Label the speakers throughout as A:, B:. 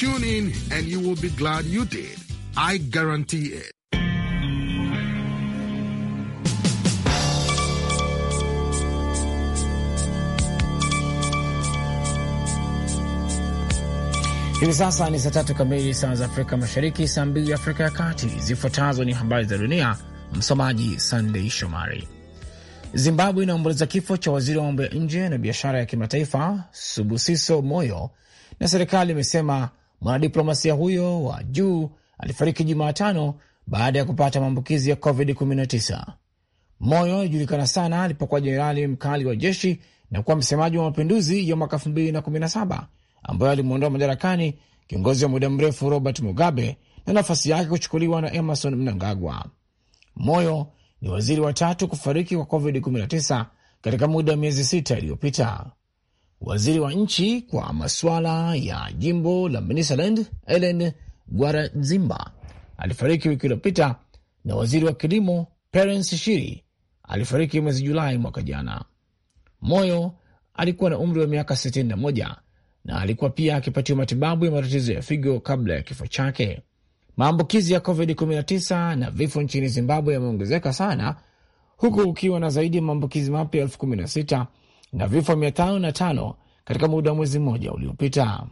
A: Tune in and you will be glad you did. I guarantee it.
B: Hivi sasa ni saa tatu kamili, saa za Afrika Mashariki, saa mbili Afrika ya Kati. Zifuatazo ni habari za dunia, msomaji Sandei Shomari. Zimbabwe inaomboleza kifo cha waziri wa mambo ya nje na biashara ya kimataifa Subusiso Moyo, na serikali imesema Mwanadiplomasia huyo wa juu alifariki Jumatano baada ya kupata maambukizi ya COVID-19. Moyo alijulikana sana alipokuwa jenerali mkali wa jeshi na kuwa msemaji wa mapinduzi ya mwaka 2017 ambayo alimwondoa madarakani kiongozi wa muda mrefu Robert Mugabe na nafasi yake kuchukuliwa na Emerson Mnangagwa. Moyo ni waziri wa tatu kufariki kwa COVID-19 katika muda wa miezi sita iliyopita. Waziri wa nchi kwa masuala ya jimbo la Manicaland Ellen Gwaradzimba alifariki wiki iliyopita na waziri wa kilimo Perence Shiri alifariki mwezi Julai mwaka jana. Moyo alikuwa na umri wa miaka 61 na alikuwa pia akipatiwa matibabu ya matatizo ya figo kabla ya kifo chake. Maambukizi ya COVID-19 na vifo nchini Zimbabwe yameongezeka sana huku ukiwa na zaidi ya maambukizi mapya elfu kumi na sita na vifo mia tano na tano katika muda wa mwezi mmoja uliopita.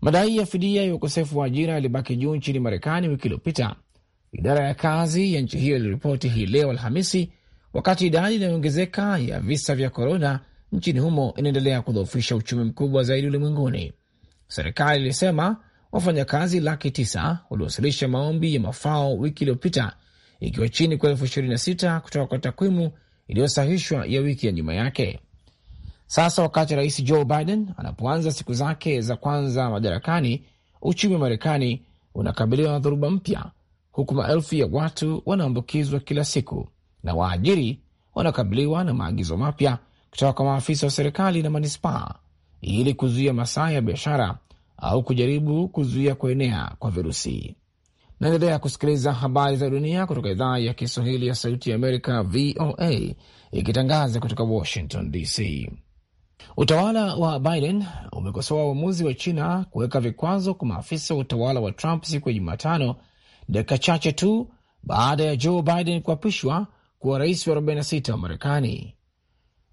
B: Madai ya fidia ya ukosefu wa ajira yalibaki juu nchini Marekani wiki iliyopita, idara ya kazi ya nchi hiyo iliripoti hii leo Alhamisi, wakati idadi inayoongezeka ya visa vya korona nchini humo inaendelea kudhoofisha uchumi mkubwa zaidi ulimwenguni. Serikali ilisema wafanyakazi laki tisa waliwasilisha maombi ya mafao wiki iliyopita, ikiwa chini kwa elfu ishirini na sita kutoka kwa takwimu iliyosahihishwa ya wiki ya nyuma yake. Sasa wakati rais Joe Biden anapoanza siku zake za kwanza madarakani, uchumi wa Marekani unakabiliwa na dhoruba mpya, huku maelfu ya watu wanaambukizwa kila siku na waajiri wanakabiliwa na maagizo mapya kutoka kwa maafisa wa serikali na manispaa ili kuzuia masaa ya biashara au kujaribu kuzuia kuenea kwa virusi. Naendelea kusikiliza habari za dunia kutoka idhaa ya Kiswahili ya Sauti ya Amerika, VOA, ikitangaza kutoka Washington DC. Utawala wa Biden umekosoa uamuzi wa China kuweka vikwazo kwa maafisa wa utawala wa Trump siku ya Jumatano, dakika chache tu baada ya Joe Biden kuapishwa kuwa rais wa 46 wa Marekani.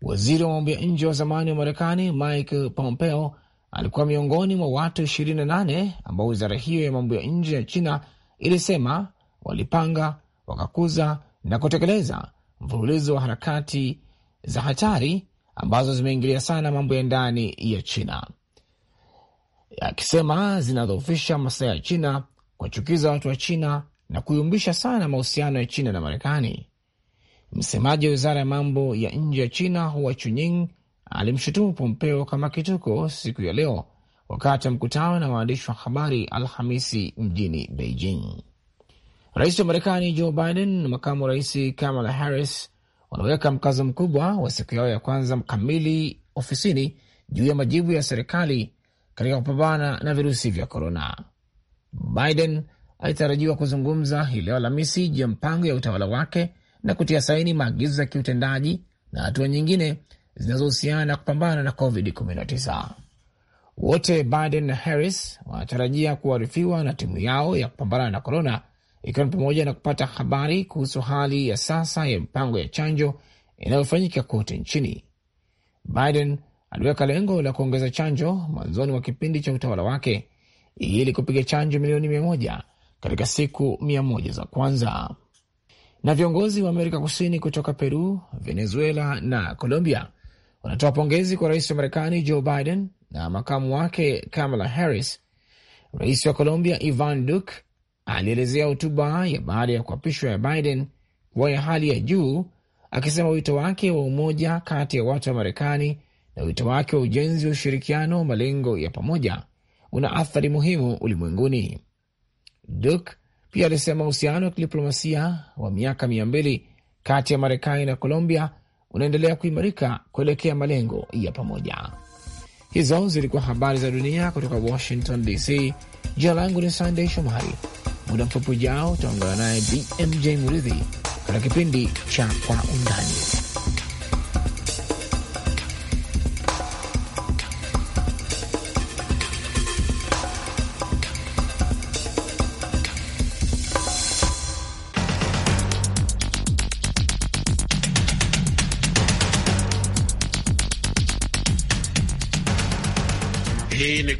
B: Waziri wa mambo ya nje wa zamani wa Marekani Mike Pompeo alikuwa miongoni mwa watu 28 ambao wizara hiyo ya mambo ya nje ya China ilisema walipanga, wakakuza na kutekeleza mfululizo wa harakati za hatari ambazo zimeingilia sana mambo ya ndani ya China, akisema zinadhoofisha maslahi ya China, kuwachukiza watu wa China na kuyumbisha sana mahusiano ya China na Marekani. Msemaji wa wizara ya mambo ya nje ya China Hua Chunying alimshutumu Pompeo kama kituko siku ya leo wakati wa mkutano na waandishi wa habari Alhamisi mjini Beijing. Rais wa Marekani Joe Biden na makamu rais Kamala Harris wanaweka mkazo mkubwa wa siku yao ya kwanza kamili ofisini juu ya majibu ya serikali katika kupambana na virusi vya korona. Biden alitarajiwa kuzungumza hii leo Alhamisi juu ya mpango ya utawala wake na kutia saini maagizo ya kiutendaji na hatua nyingine zinazohusiana na kupambana na COVID-19. Wote Biden na Harris wanatarajia kuarifiwa na timu yao ya kupambana na korona ikiwa ni pamoja na kupata habari kuhusu hali ya sasa ya mipango ya chanjo inayofanyika kote nchini. Biden aliweka lengo la kuongeza chanjo mwanzoni mwa kipindi cha utawala wake ili kupiga chanjo milioni mia moja katika siku mia moja za kwanza. Na viongozi wa Amerika Kusini kutoka Peru, Venezuela na Colombia wanatoa pongezi kwa rais wa Marekani Joe Biden na makamu wake Kamala Harris. Rais wa Colombia Ivan Duque alielezea hotuba ya baada ya kuapishwa ya Biden kuwa ya hali ya juu, akisema wito wake wa umoja kati ya watu wa Marekani na wito wake wa ujenzi wa ushirikiano wa malengo ya pamoja una athari muhimu ulimwenguni. Duk pia alisema uhusiano wa kidiplomasia wa miaka mia mbili kati ya Marekani na Colombia unaendelea kuimarika kuelekea malengo ya pamoja. Hizo zilikuwa habari za dunia kutoka Washington DC. Jina langu ni Sandey Shomari. Muda mfupi ujao utaungana naye BMJ Muridhi katika kipindi cha Kwa Undani.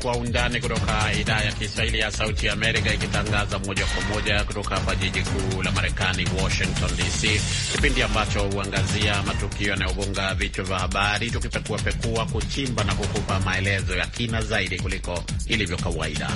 C: Kwa Undani kutoka idhaa ya Kiswahili ya Sauti Amerika, ikitangaza moja kwa moja kutoka hapa jiji kuu la Marekani, Washington DC, kipindi ambacho huangazia matukio yanayogonga vichwa vya habari, tukipekuapekua, kuchimba na kukupa maelezo ya kina zaidi kuliko ilivyo kawaida.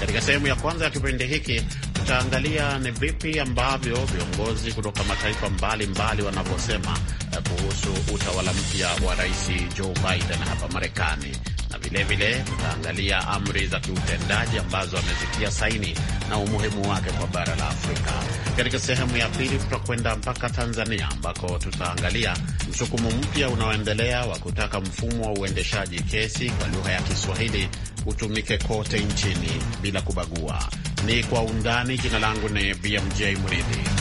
C: Katika sehemu ya kwanza ya kipindi hiki tutaangalia ni vipi ambavyo viongozi kutoka mataifa mbalimbali wanavyosema eh, kuhusu utawala mpya wa Rais Joe Biden hapa Marekani. Vilevile tutaangalia amri za kiutendaji ambazo amezitia saini na umuhimu wake kwa bara la Afrika. Katika sehemu ya pili, tutakwenda mpaka Tanzania ambako tutaangalia msukumo mpya unaoendelea wa kutaka mfumo wa uendeshaji kesi kwa lugha ya Kiswahili utumike kote nchini bila kubagua. Ni kwa undani. Jina langu ni BMJ Mridhi.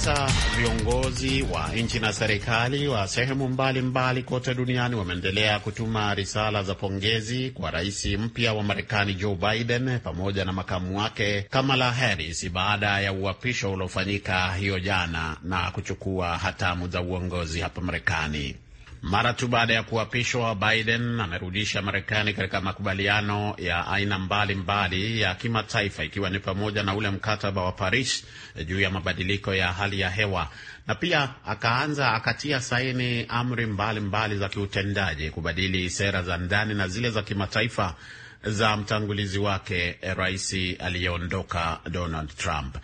C: Sasa viongozi wa nchi na serikali wa sehemu mbalimbali kote duniani wameendelea kutuma risala za pongezi kwa rais mpya wa Marekani Joe Biden pamoja na makamu wake Kamala Harris baada ya uapisho uliofanyika hiyo jana na kuchukua hatamu za uongozi hapa Marekani. Mara tu baada ya kuapishwa, Biden amerudisha Marekani katika makubaliano ya aina mbalimbali mbali ya kimataifa, ikiwa ni pamoja na ule mkataba wa Paris eh, juu ya mabadiliko ya hali ya hewa, na pia akaanza akatia saini amri mbalimbali mbali za kiutendaji kubadili sera za ndani na zile za kimataifa za mtangulizi wake eh, rais aliyeondoka Donald Trump.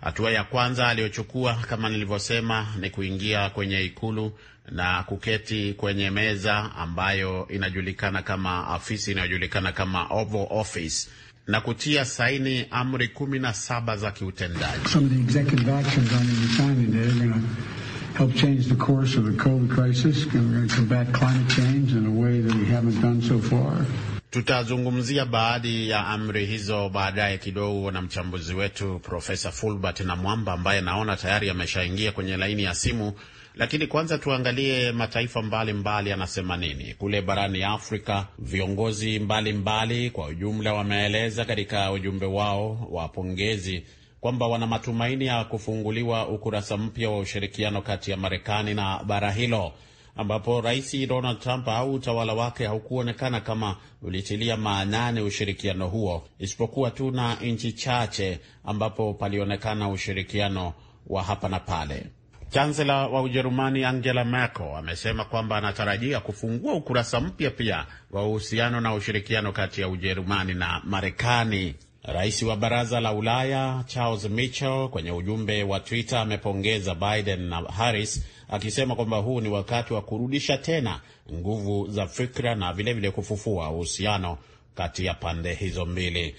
C: Hatua ya kwanza aliyochukua kama nilivyosema ni kuingia kwenye ikulu na kuketi kwenye meza ambayo inajulikana kama afisi inayojulikana kama Oval Office na kutia saini amri kumi na saba za kiutendaji. Tutazungumzia baadhi ya amri hizo baadaye kidogo na mchambuzi wetu Profesa Fulbert na Mwamba ambaye naona tayari ameshaingia kwenye laini ya simu lakini kwanza tuangalie mataifa mbalimbali yanasema mbali nini. Kule barani Afrika, viongozi mbalimbali mbali kwa ujumla wameeleza katika ujumbe wao wa pongezi kwamba wana matumaini ya kufunguliwa ukurasa mpya wa ushirikiano kati ya Marekani na bara hilo ambapo Rais Donald Trump au utawala wake haukuonekana kama ulitilia maanani ushirikiano huo, isipokuwa tu na nchi chache ambapo palionekana ushirikiano wa hapa na pale. Chansela wa Ujerumani Angela Merkel amesema kwamba anatarajia kufungua ukurasa mpya pia wa uhusiano na ushirikiano kati ya Ujerumani na Marekani. Rais wa Baraza la Ulaya Charles Michel kwenye ujumbe wa Twitter amepongeza Biden na Harris akisema kwamba huu ni wakati wa kurudisha tena nguvu za fikra na vilevile vile kufufua uhusiano kati ya pande hizo mbili.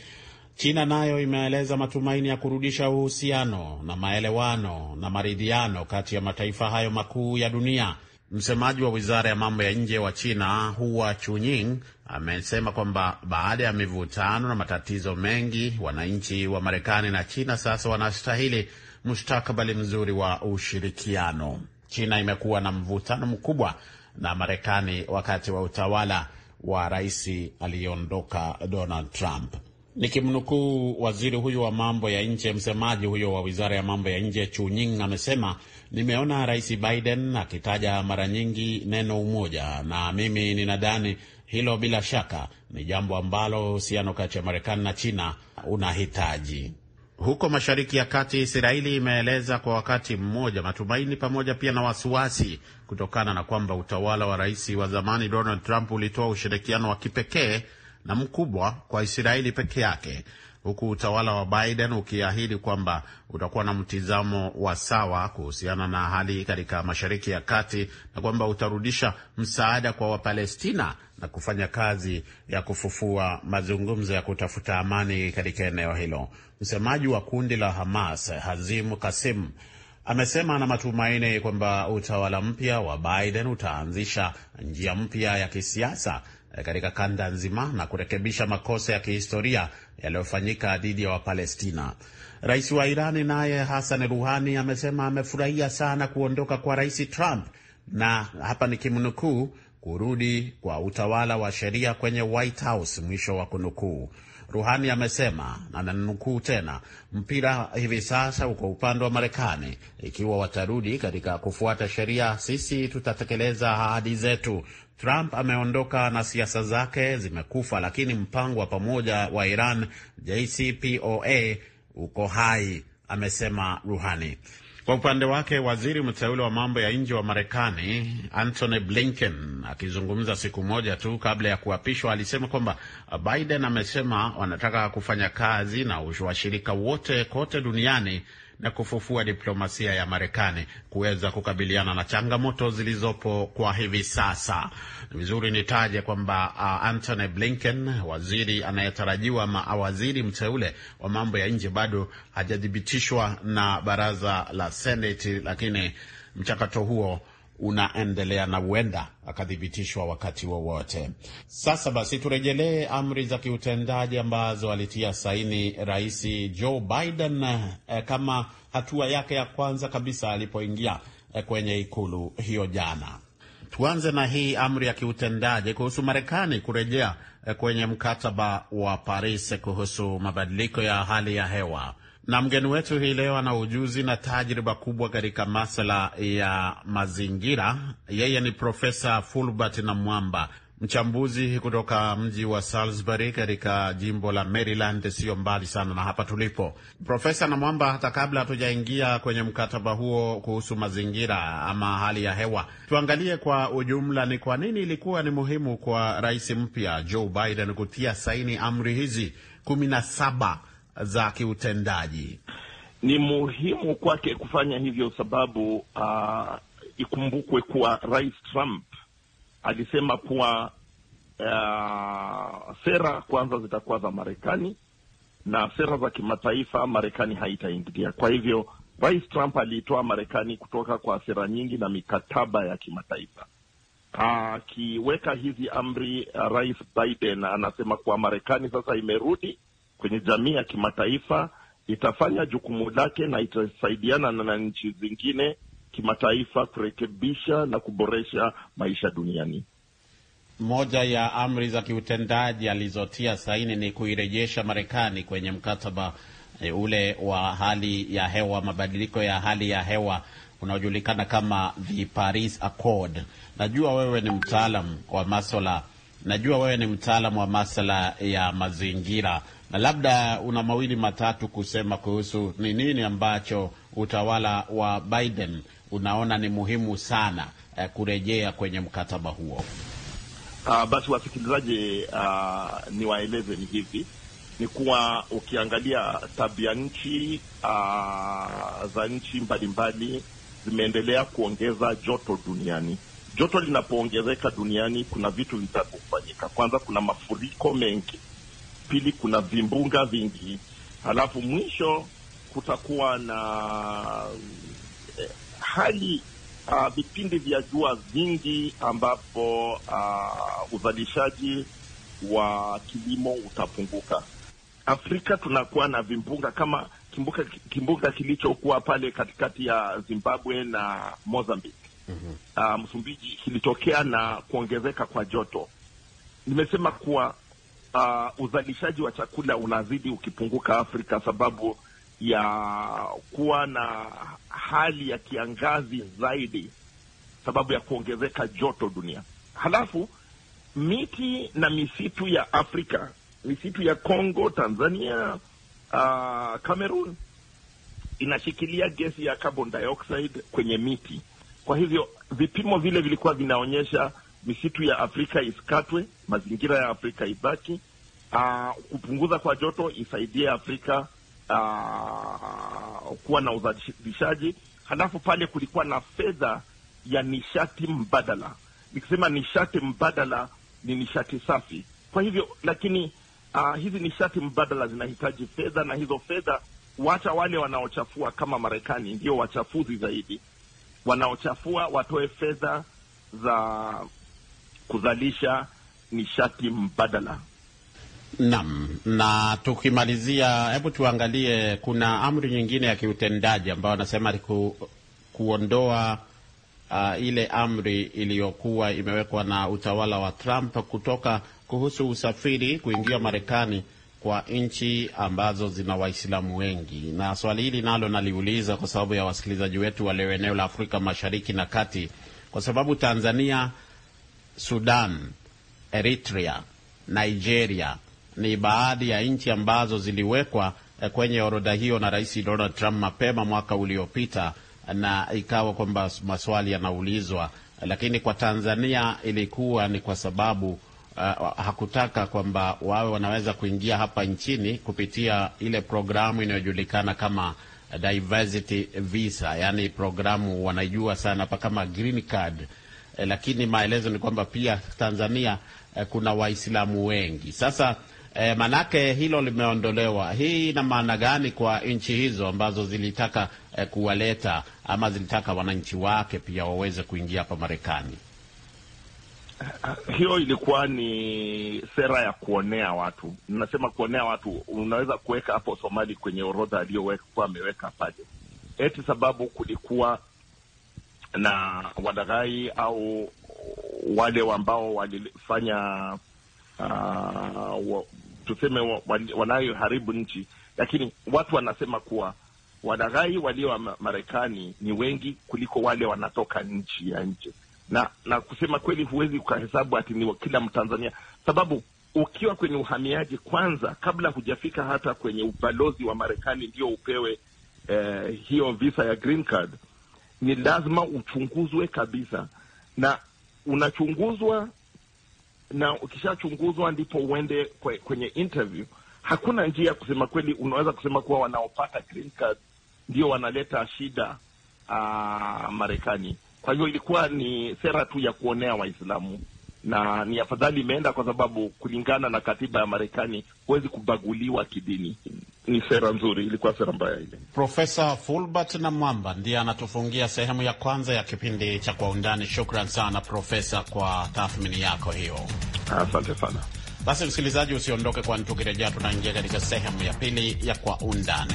C: China nayo imeeleza matumaini ya kurudisha uhusiano na maelewano na maridhiano kati ya mataifa hayo makuu ya dunia. Msemaji wa wizara ya mambo ya nje wa China Hua Chunying amesema kwamba baada ya mivutano na matatizo mengi, wananchi wa Marekani na China sasa wanastahili mustakabali mzuri wa ushirikiano. China imekuwa na mvutano mkubwa na Marekani wakati wa utawala wa rais aliyeondoka Donald Trump. Nikimnukuu waziri huyo wa mambo ya nje, msemaji huyo wa wizara ya mambo ya nje Chuning amesema, nimeona Rais Biden akitaja mara nyingi neno umoja, na mimi ninadhani hilo bila shaka ni jambo ambalo uhusiano kati ya Marekani na China unahitaji. Huko Mashariki ya Kati, Israeli imeeleza kwa wakati mmoja matumaini pamoja pia na wasiwasi kutokana na kwamba utawala wa rais wa zamani Donald Trump ulitoa ushirikiano wa kipekee na mkubwa kwa Israeli peke yake, huku utawala wa Biden ukiahidi kwamba utakuwa na mtizamo wa sawa kuhusiana na hali katika Mashariki ya Kati na kwamba utarudisha msaada kwa Wapalestina na kufanya kazi ya kufufua mazungumzo ya kutafuta amani katika eneo hilo. Msemaji wa kundi la Hamas Hazim Kasim amesema ana matumaini kwamba utawala mpya wa Biden utaanzisha njia mpya ya kisiasa Eh, katika kanda nzima na kurekebisha makosa ya kihistoria yaliyofanyika dhidi ya Wapalestina. Rais wa Irani naye Hassan Ruhani amesema amefurahia sana kuondoka kwa Rais Trump na hapa ni kimnukuu, kurudi kwa utawala wa sheria kwenye White House, mwisho wa kunukuu. Ruhani amesema na nanukuu tena, mpira hivi sasa uko upande wa Marekani. Ikiwa watarudi katika kufuata sheria, sisi tutatekeleza ahadi zetu. Trump ameondoka na siasa zake zimekufa, lakini mpango wa pamoja wa Iran JCPOA uko hai, amesema Ruhani. Kwa upande wake waziri mteule wa mambo ya nje wa Marekani Antony Blinken akizungumza siku moja tu kabla ya kuapishwa alisema kwamba Biden amesema wanataka kufanya kazi na washirika wote kote duniani na kufufua diplomasia ya Marekani kuweza kukabiliana na changamoto zilizopo kwa hivi sasa. Ni vizuri nitaje kwamba uh, Antony Blinken, waziri anayetarajiwa mawaziri uh, mteule wa mambo ya nje, bado hajathibitishwa na baraza la Seneti, lakini mchakato huo unaendelea na huenda akathibitishwa wakati wowote wa. Sasa basi, turejelee amri za kiutendaji ambazo alitia saini Rais Joe Biden eh, kama hatua yake ya kwanza kabisa alipoingia eh, kwenye ikulu hiyo jana. Tuanze na hii amri ya kiutendaji kuhusu Marekani kurejea eh, kwenye mkataba wa Paris kuhusu mabadiliko ya hali ya hewa. Na mgeni wetu hii leo ana ujuzi na tajriba kubwa katika masala ya mazingira. Yeye ni Profesa Fulbert Namwamba, mchambuzi kutoka mji wa Salisbury katika jimbo la Maryland, siyo mbali sana na hapa tulipo. Profesa Namwamba, hata kabla hatujaingia kwenye mkataba huo kuhusu mazingira ama hali ya hewa, tuangalie kwa ujumla, ni kwa nini ilikuwa ni muhimu kwa rais mpya Joe Biden kutia saini amri hizi kumi na saba za kiutendaji?
A: Ni muhimu kwake kufanya hivyo sababu uh, ikumbukwe kuwa Rais Trump alisema kuwa uh, sera kwanza zitakuwa za Marekani na sera za kimataifa Marekani haitaingilia. Kwa hivyo Rais Trump aliitoa Marekani kutoka kwa sera nyingi na mikataba ya kimataifa. Akiweka hizi amri, ah, Rais Biden anasema kuwa Marekani sasa imerudi kwenye jamii ya kimataifa itafanya jukumu lake na itasaidiana na nchi zingine kimataifa kurekebisha na kuboresha maisha duniani.
C: Moja ya amri za kiutendaji alizotia saini ni kuirejesha Marekani kwenye mkataba e, ule wa hali ya hewa, mabadiliko ya hali ya hewa unaojulikana kama the Paris Accord. Najua wewe ni mtaalam wa maswala najua wewe ni mtaalam wa maswala ya mazingira na labda una mawili matatu kusema kuhusu ni nini ambacho utawala wa Biden unaona ni muhimu sana eh, kurejea kwenye mkataba huo.
A: Uh, basi wasikilizaji, uh, niwaeleze ni hivi ni kuwa ukiangalia tabia nchi uh, za nchi mbalimbali zimeendelea kuongeza joto duniani. Joto linapoongezeka duniani, kuna vitu vitakufanyika. Kwanza, kuna mafuriko mengi pili kuna vimbunga vingi, halafu mwisho kutakuwa na eh, hali uh, vipindi vya jua vingi ambapo uh, uzalishaji wa kilimo utapunguka. Afrika tunakuwa na vimbunga kama kimbuka, kimbunga kilichokuwa pale katikati ya Zimbabwe na Mozambique mm -hmm. Uh, Msumbiji kilitokea na kuongezeka kwa joto. Nimesema kuwa uh, uzalishaji wa chakula unazidi ukipunguka Afrika sababu ya kuwa na hali ya kiangazi zaidi, sababu ya kuongezeka joto dunia. Halafu miti na misitu ya Afrika, misitu ya Congo, Tanzania, uh, Cameroon inashikilia gesi ya carbon dioxide kwenye miti. Kwa hivyo vipimo vile vilikuwa vinaonyesha misitu ya Afrika isikatwe mazingira ya Afrika ibaki uh, kupunguza kwa joto isaidie Afrika uh, kuwa na uzalishaji. Halafu pale kulikuwa na fedha ya nishati mbadala. Nikisema nishati mbadala ni nishati safi, kwa hivyo lakini Uh, hizi nishati mbadala zinahitaji fedha na hizo fedha wacha wale wanaochafua kama Marekani ndio wachafuzi zaidi. Wanaochafua watoe fedha za kuzalisha nishati mbadala.
C: Naam, na tukimalizia, hebu tuangalie, kuna amri nyingine ya kiutendaji ambayo anasema ku, kuondoa uh, ile amri iliyokuwa imewekwa na utawala wa Trump kutoka kuhusu usafiri kuingia Marekani kwa nchi ambazo zina Waislamu wengi. Na swali hili nalo naliuliza kwa sababu ya wasikilizaji wetu walio eneo la Afrika Mashariki na Kati, kwa sababu Tanzania, Sudan Eritrea, Nigeria ni baadhi ya nchi ambazo ziliwekwa eh, kwenye orodha hiyo na Rais Donald Trump mapema mwaka uliopita, na ikawa kwamba maswali yanaulizwa, lakini kwa Tanzania ilikuwa ni kwa sababu Uh, hakutaka kwamba wawe wanaweza kuingia hapa nchini kupitia ile programu inayojulikana kama diversity visa, yani programu wanajua sana pa kama green card eh, lakini maelezo ni kwamba pia Tanzania eh, kuna Waislamu wengi. Sasa eh, manake hilo limeondolewa. Hii ina maana gani kwa nchi hizo ambazo zilitaka eh, kuwaleta ama zilitaka wananchi wake pia waweze kuingia hapa Marekani?
A: Eh, hiyo ilikuwa ni sera ya kuonea watu. Nasema kuonea watu, unaweza kuweka hapo Somali kwenye orodha aliyokuwa ameweka pale, eti sababu kulikuwa na wadaghai au wale ambao walifanya uh, wa, tuseme wa, wanayoharibu nchi, lakini watu wanasema kuwa walaghai walio wa Marekani ni wengi kuliko wale wanatoka nchi ya nje, na na kusema kweli, huwezi ukahesabu ati ni kila Mtanzania, sababu ukiwa kwenye uhamiaji kwanza, kabla hujafika hata kwenye ubalozi wa Marekani ndio upewe eh, hiyo visa ya green card, ni lazima uchunguzwe kabisa na unachunguzwa, na ukishachunguzwa ndipo uende kwe, kwenye interview. Hakuna njia ya kusema kweli, unaweza kusema kuwa wanaopata green card ndio wanaleta shida ah, Marekani. Kwa hiyo ilikuwa ni sera tu ya kuonea Waislamu na ni afadhali imeenda kwa sababu kulingana na katiba ya Marekani huwezi kubaguliwa kidini. Ni sera nzuri, ilikuwa sera mbaya ile.
C: Profesa Fulbert na Mwamba ndiye anatufungia sehemu ya kwanza ya kipindi cha Kwa Undani. Shukran sana Profesa kwa tathmini yako hiyo, asante sana. Basi msikilizaji, usiondoke, kwani tukirejea tunaingia katika sehemu ya pili ya Kwa Undani.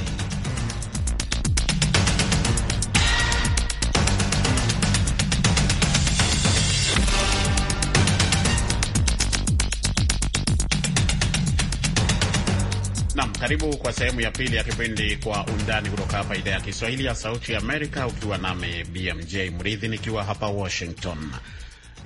C: Karibu kwa sehemu ya pili ya kipindi Kwa Undani kutoka hapa idhaa ya Kiswahili ya Sauti Amerika, ukiwa nami BMJ Mridhi nikiwa hapa Washington.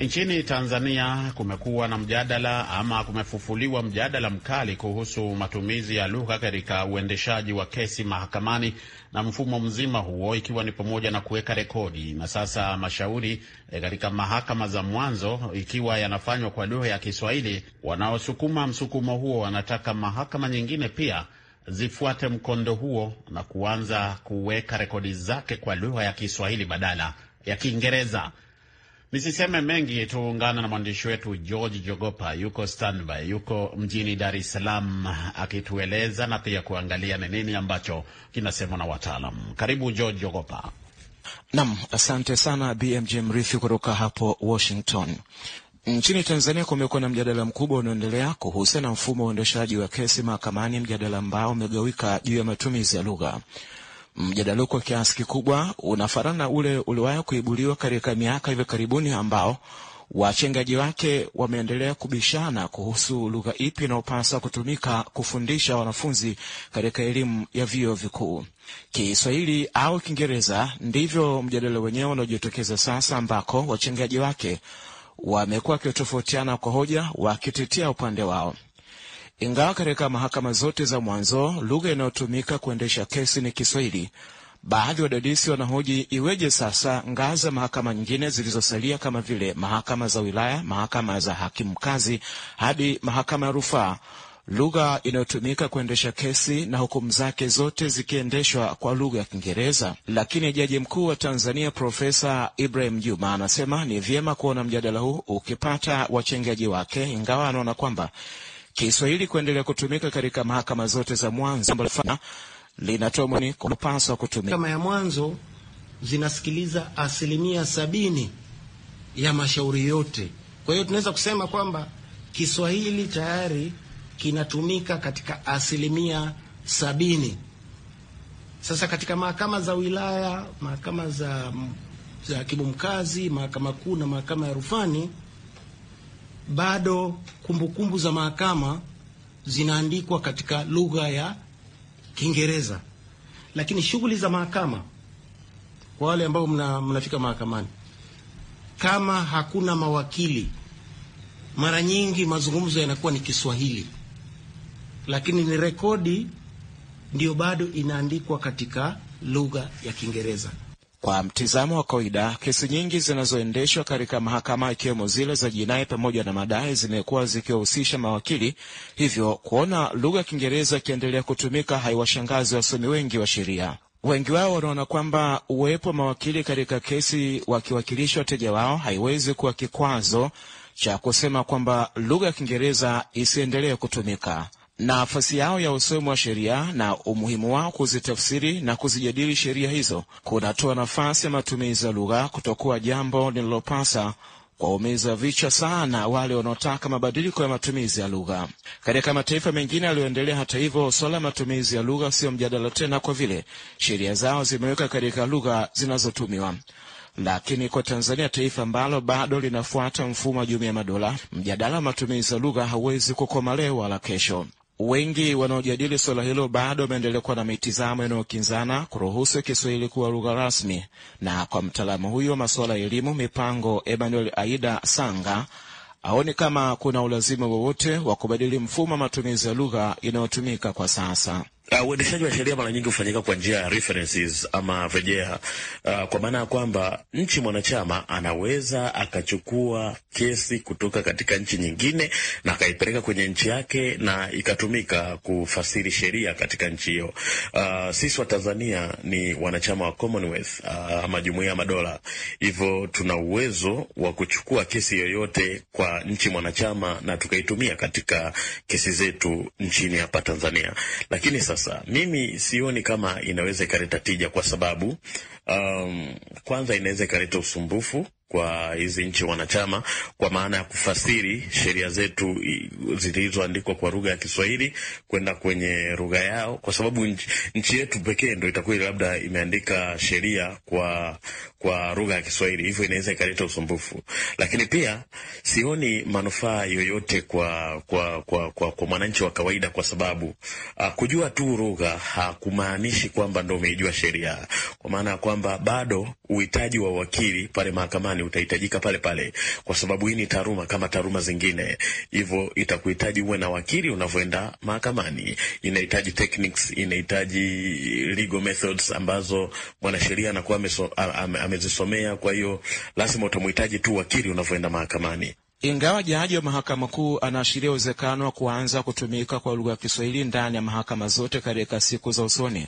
C: Nchini Tanzania kumekuwa na mjadala ama kumefufuliwa mjadala mkali kuhusu matumizi ya lugha katika uendeshaji wa kesi mahakamani na mfumo mzima huo, ikiwa ni pamoja na kuweka rekodi. Na sasa mashauri e, katika mahakama za mwanzo, ikiwa yanafanywa kwa lugha ya Kiswahili, wanaosukuma msukumo huo wanataka mahakama nyingine pia zifuate mkondo huo na kuanza kuweka rekodi zake kwa lugha ya Kiswahili badala ya Kiingereza. Nisiseme mengi, tuungana na mwandishi wetu George Jogopa, yuko standby, yuko mjini Dar es Salaam akitueleza na pia kuangalia ni nini ambacho kinasemwa na wataalam. Karibu George Jogopa.
D: Nam, asante sana BMJ Mrithi kutoka hapo Washington. Nchini Tanzania kumekuwa na mjadala mkubwa unaoendelea kuhusiana na mfumo wa uendeshaji wa kesi mahakamani, mjadala ambao umegawika juu ya matumizi ya lugha. Mjadala kwa kiasi kikubwa unafanana na ule uliwahi kuibuliwa katika miaka hivi karibuni, ambao wachengaji wake wameendelea kubishana kuhusu lugha ipi inayopaswa kutumika kufundisha wanafunzi katika elimu ya vyuo vikuu, Kiswahili au Kiingereza. Ndivyo mjadala wenyewe unaojitokeza sasa, ambako wachengaji wake wamekuwa wakitofautiana kwa hoja, wakitetea upande wao. Ingawa katika mahakama zote za mwanzo lugha inayotumika kuendesha kesi ni Kiswahili, baadhi ya wadadisi wanahoji iweje sasa ngazi za mahakama nyingine zilizosalia kama vile mahakama za wilaya, mahakama za hakimu mkazi hadi mahakama ya rufaa, lugha inayotumika kuendesha kesi na hukumu zake zote zikiendeshwa kwa lugha ya Kiingereza. Lakini jaji mkuu wa Tanzania Profesa Ibrahim Juma anasema ni vyema kuona mjadala huu ukipata wachengeaji wake, ingawa anaona kwamba Kiswahili kuendelea kutumika katika mahakama zote za mwanzo linatoa mwoni kupaswa kutumika. Kama
E: ya mwanzo zinasikiliza asilimia sabini ya mashauri yote. Kwa hiyo tunaweza kusema kwamba Kiswahili tayari kinatumika katika asilimia sabini. Sasa katika mahakama za wilaya, mahakama za, za kibumkazi, mahakama kuu na mahakama ya rufani bado kumbukumbu kumbu za mahakama zinaandikwa katika lugha ya Kiingereza, lakini shughuli za mahakama kwa wale ambao mna, mnafika mahakamani, kama hakuna mawakili, mara nyingi mazungumzo yanakuwa ni Kiswahili, lakini ni rekodi ndio bado inaandikwa katika lugha
D: ya Kiingereza. Kwa mtizamo wa kawaida, kesi nyingi zinazoendeshwa katika mahakama ikiwemo zile za jinai pamoja na madai zimekuwa zikiwahusisha mawakili, hivyo kuona lugha ya Kiingereza ikiendelea kutumika haiwashangazi wasomi wengi wa sheria. Wengi wao wanaona kwamba uwepo wa mawakili katika kesi wakiwakilisha wateja wao haiwezi kuwa kikwazo cha kusema kwamba lugha ya Kiingereza isiendelee kutumika. Nafasi yao ya usomi wa sheria na umuhimu wao kuzitafsiri na kuzijadili sheria hizo kunatoa nafasi ya matumizi ya lugha kutokuwa jambo linalopasa kwaumiza vichwa sana wale wanaotaka mabadiliko ya matumizi ya lugha. Katika mataifa mengine yaliyoendelea, hata hivyo, swala matumizi ya lugha siyo mjadala tena, kwa vile sheria zao zimeweka katika lugha zinazotumiwa. Lakini kwa Tanzania, taifa ambalo bado linafuata mfumo wa jumuiya ya madola, mjadala wa matumizi ya lugha hauwezi kukoma leo wala kesho. Wengi wanaojadili suala hilo bado wameendelea kuwa na mitizamo inayokinzana kuruhusu Kiswahili kuwa lugha rasmi. Na kwa mtaalamu huyo wa masuala ya elimu mipango, Emmanuel Aida Sanga, aoni kama kuna ulazima wowote wa kubadili mfumo wa matumizi ya lugha inayotumika kwa sasa.
F: Uh, uendeshaji uh, wa sheria mara nyingi hufanyika kwa njia ya references ama rejea uh, kwa maana ya kwamba nchi mwanachama anaweza akachukua kesi kutoka katika nchi nyingine na akaipeleka kwenye nchi yake na ikatumika kufasiri sheria katika nchi hiyo. Uh, sisi wa Tanzania ni wanachama wa Commonwealth uh, ama Jumuiya ya Madola, hivyo tuna uwezo wa kuchukua kesi yoyote kwa nchi mwanachama na tukaitumia katika kesi zetu nchini hapa Tanzania, lakini sasa sasa, mimi sioni kama inaweza ikaleta tija, kwa sababu um, kwanza inaweza ikaleta usumbufu kwa hizi nchi wanachama kwa maana ya kufasiri sheria zetu zilizoandikwa kwa lugha ya Kiswahili kwenda kwenye lugha yao, kwa sababu nchi, nchi yetu pekee ndo itakuwa labda imeandika sheria kwa kwa lugha ya Kiswahili, hivyo inaweza ikaleta usumbufu. Lakini pia sioni manufaa yoyote kwa kwa kwa, kwa, kwa mwananchi wa kawaida, kwa sababu a, kujua tu lugha hakumaanishi kwamba ndo umeijua sheria, kwa maana ya kwamba bado uhitaji wa wakili pale mahakamani Marekani utahitajika pale pale, kwa sababu hii ni taaluma kama taaluma zingine, hivyo itakuhitaji uwe na wakili unavyoenda mahakamani. Inahitaji techniques, inahitaji legal methods ambazo mwanasheria anakuwa amezisomea. Kwa hiyo lazima utamhitaji tu wakili unavyoenda mahakamani.
D: Ingawa jaji wa mahakama kuu anaashiria uwezekano wa kuanza kutumika kwa lugha ya Kiswahili ndani ya mahakama zote katika siku za usoni.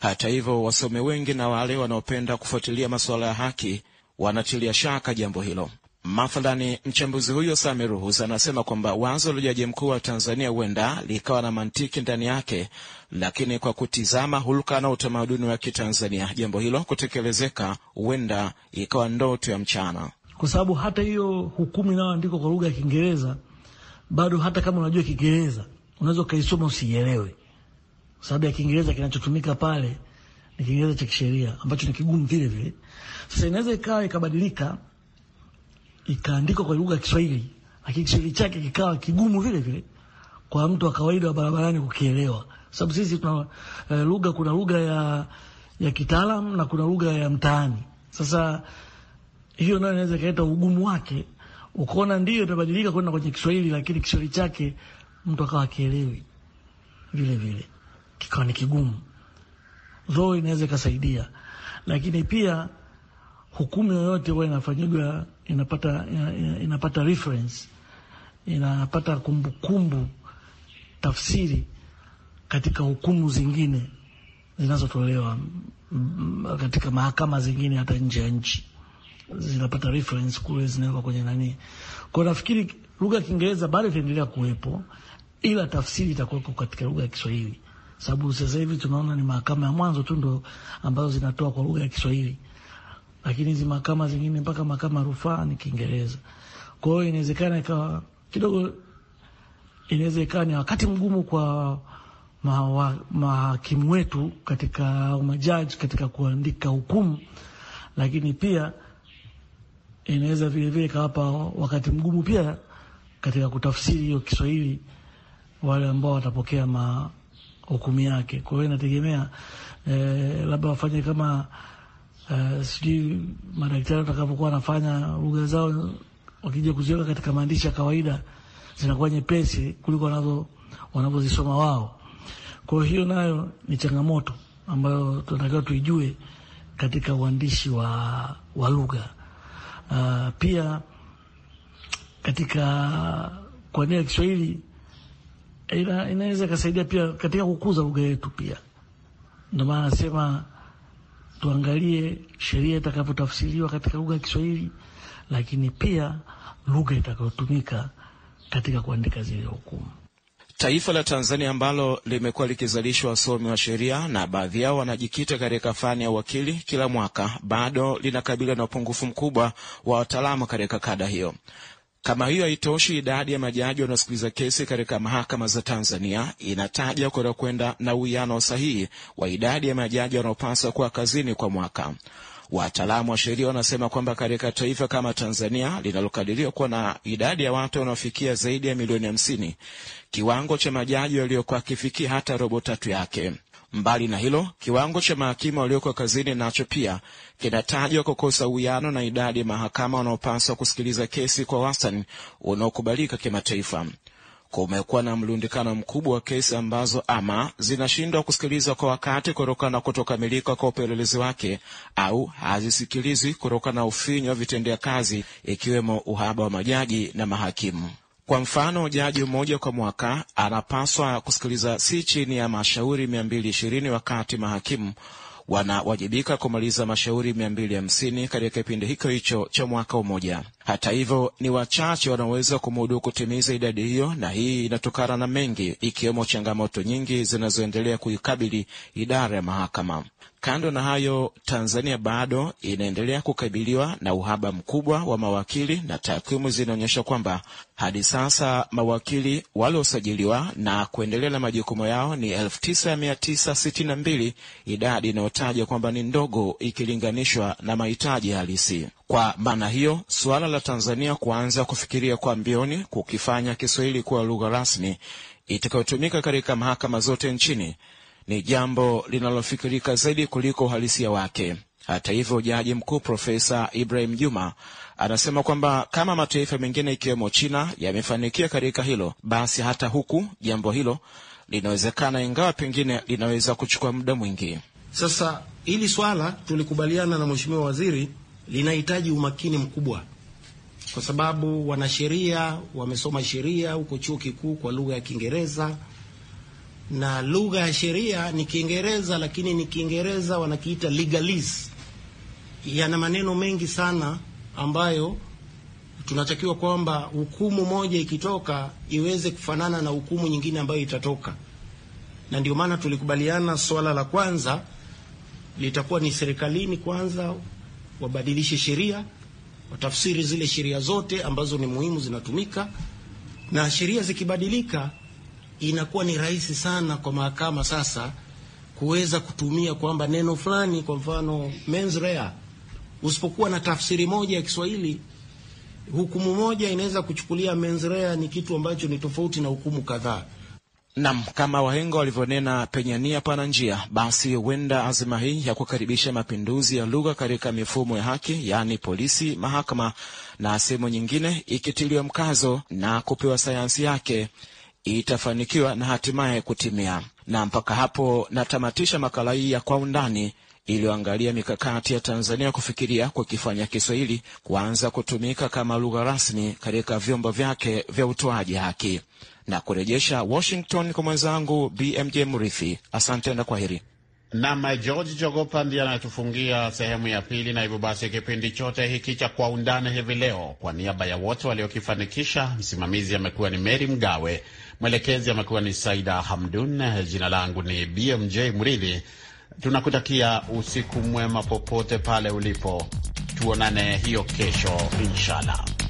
D: Hata hivyo, wasome wengi na wale wanaopenda kufuatilia masuala ya haki wanatilia shaka jambo hilo. Mathalani, mchambuzi huyo Sami Ruhus anasema kwamba wazo la jaji mkuu wa Tanzania huenda likawa na mantiki ndani yake, lakini kwa kutizama hulka na utamaduni wa Kitanzania, jambo hilo kutekelezeka huenda ikawa ndoto ya mchana,
G: kwa sababu hata hiyo hukumu inayoandikwa kwa lugha ya Kiingereza bado, hata kama unajua Kiingereza unaweza ukaisoma usiielewe, kwa sababu ya Kiingereza kinachotumika pale ni kigezo cha kisheria ambacho ni kigumu vile vile. Sasa inaweza ikawa ikabadilika ikaandikwa kwa lugha ya Kiswahili, lakini Kiswahili chake kikawa kigumu vile vile kwa mtu wa kawaida wa barabarani kukielewa, sababu sisi tuna uh, lugha, kuna lugha ya ya kitaalamu na kuna lugha ya mtaani. Sasa hiyo nayo inaweza ikaleta ugumu wake, ukaona ndio itabadilika kwenda kwenye Kiswahili, lakini Kiswahili chake mtu akawa akielewi vile vile, kikawa ni kigumu zoo inaweza ikasaidia, lakini pia hukumu yoyote huwa inafanyigwa inapata, inapata reference inapata kumbukumbu kumbu, tafsiri katika hukumu zingine zinazotolewa mm, katika mahakama zingine hata nje ya nchi zinapata reference kule, zinawekwa kwenye nani. Kwa nafikiri lugha ya Kiingereza bado itaendelea kuwepo, ila tafsiri itakuwepo katika lugha ya Kiswahili sababu sasa hivi tunaona ni mahakama ya mwanzo tu ndo ambazo zinatoa kwa lugha ya Kiswahili, lakini hizi mahakama zingine mpaka mahakama ya rufaa ni Kiingereza. Kwa hiyo inawezekana ikawa kidogo, inaweza ikawa ni wakati mgumu kwa mahakimu ma, wetu katika majaji katika kuandika hukumu, lakini pia inaweza vilevile ikawapa wakati mgumu pia katika kutafsiri hiyo Kiswahili wale ambao watapokea ma hukumu yake. Kwa hiyo inategemea eh, labda wafanye kama eh, sijui madaktari watakavyokuwa wanafanya lugha zao, wakija kuziweka katika maandishi ya kawaida zinakuwa nyepesi kuliko wanazo wanavyozisoma wao. Kwa hiyo nayo ni changamoto ambayo tunatakiwa tuijue katika uandishi wa, wa lugha uh, pia katika kwa ya Kiswahili ina, inaweza ikasaidia pia katika kukuza lugha yetu pia. Ndio maana nasema tuangalie sheria itakavyotafsiriwa katika lugha ya Kiswahili, lakini pia lugha itakayotumika katika kuandika zile hukumu.
D: Taifa la Tanzania ambalo limekuwa likizalishwa wasomi wa sheria na baadhi yao wanajikita katika fani ya uwakili kila mwaka, bado linakabiliwa na upungufu mkubwa wa wataalamu katika kada hiyo. Kama hiyo haitoshi, idadi ya majaji wanaosikiliza kesi katika mahakama za Tanzania inataja kutokwenda na uwiano sahihi wa idadi ya majaji wanaopaswa kuwa kazini kwa mwaka. Wataalamu wa sheria wanasema kwamba katika taifa kama Tanzania linalokadiriwa kuwa na idadi ya watu wanaofikia zaidi ya milioni hamsini, kiwango cha majaji waliokuwa akifikia hata robo tatu yake Mbali na hilo, kiwango cha mahakimu walioko kazini nacho pia kinatajwa kukosa uwiano na idadi ya mahakama wanaopaswa kusikiliza kesi kwa wastani unaokubalika kimataifa. Kumekuwa na mlundikano mkubwa wa kesi ambazo ama zinashindwa kusikilizwa kwa wakati kutokana na kutokamilika kwa upelelezi wake au hazisikilizwi kutokana na ufinyu wa vitendea kazi, ikiwemo uhaba wa majaji na mahakimu. Kwa mfano, jaji mmoja kwa mwaka anapaswa kusikiliza si chini ya mashauri 220 wakati mahakimu wanawajibika kumaliza mashauri 250 katika kipindi hicho hicho cha mwaka mmoja. Hata hivyo ni wachache wanaoweza kumudu kutimiza idadi hiyo, na hii inatokana na mengi, ikiwemo changamoto nyingi zinazoendelea kuikabili idara ya mahakama. Kando na hayo, Tanzania bado inaendelea kukabiliwa na uhaba mkubwa wa mawakili, na takwimu zinaonyesha kwamba hadi sasa mawakili waliosajiliwa na kuendelea na majukumu yao ni 9962 idadi inayotajwa kwamba ni ndogo ikilinganishwa na mahitaji halisi. Kwa maana hiyo, suala la Tanzania kuanza kufikiria kwa mbioni kukifanya Kiswahili kuwa lugha rasmi itakayotumika katika mahakama zote nchini ni jambo linalofikirika zaidi kuliko uhalisia wake. Hata hivyo, jaji mkuu Profesa Ibrahim Juma anasema kwamba kama mataifa mengine ikiwemo China yamefanikia katika hilo, basi hata huku jambo hilo linawezekana, ingawa pengine linaweza kuchukua muda mwingi.
E: Sasa hili swala tulikubaliana na mheshimiwa waziri linahitaji umakini mkubwa, kwa sababu wanasheria wamesoma sheria huko chuo kikuu kwa lugha ya Kiingereza, na lugha ya sheria ni Kiingereza, lakini ni Kiingereza wanakiita legalese. Yana maneno mengi sana ambayo tunatakiwa kwamba hukumu moja ikitoka iweze kufanana na hukumu nyingine ambayo itatoka, na ndio maana tulikubaliana swala la kwanza litakuwa ni serikalini kwanza, wabadilishe sheria, watafsiri zile sheria zote ambazo ni muhimu zinatumika, na sheria zikibadilika, inakuwa ni rahisi sana kwa mahakama sasa kuweza kutumia kwamba neno fulani, kwa mfano mens rea, usipokuwa na tafsiri moja ya Kiswahili, hukumu moja inaweza kuchukulia mens rea ni kitu ambacho ni tofauti na hukumu kadhaa. Nam,
D: kama wahenga walivyonena penye nia pana njia, basi huenda azima hii ya kukaribisha mapinduzi ya lugha katika mifumo ya haki, yaani polisi, mahakama na sehemu nyingine, ikitiliwa mkazo na kupewa sayansi yake, itafanikiwa na hatimaye kutimia. Na mpaka hapo natamatisha makala hii ya Kwa Undani iliyoangalia mikakati ya Tanzania kufikiria kukifanya Kiswahili kuanza kutumika kama lugha rasmi katika vyombo vyake vya utoaji haki na kurejesha Washington kwa mwenzangu BMJ Murithi. Asante na heri
C: Nam eh, George Jogopa ndiye anayetufungia sehemu ya pili, na hivyo basi kipindi chote hiki cha Kwa Undani hivi leo, kwa niaba ya wote waliokifanikisha, msimamizi amekuwa ni Meri Mgawe, mwelekezi amekuwa ni Saida Hamdun, jina langu ni BMJ Mridhi. Tunakutakia usiku mwema popote pale ulipo, tuonane hiyo kesho inshallah.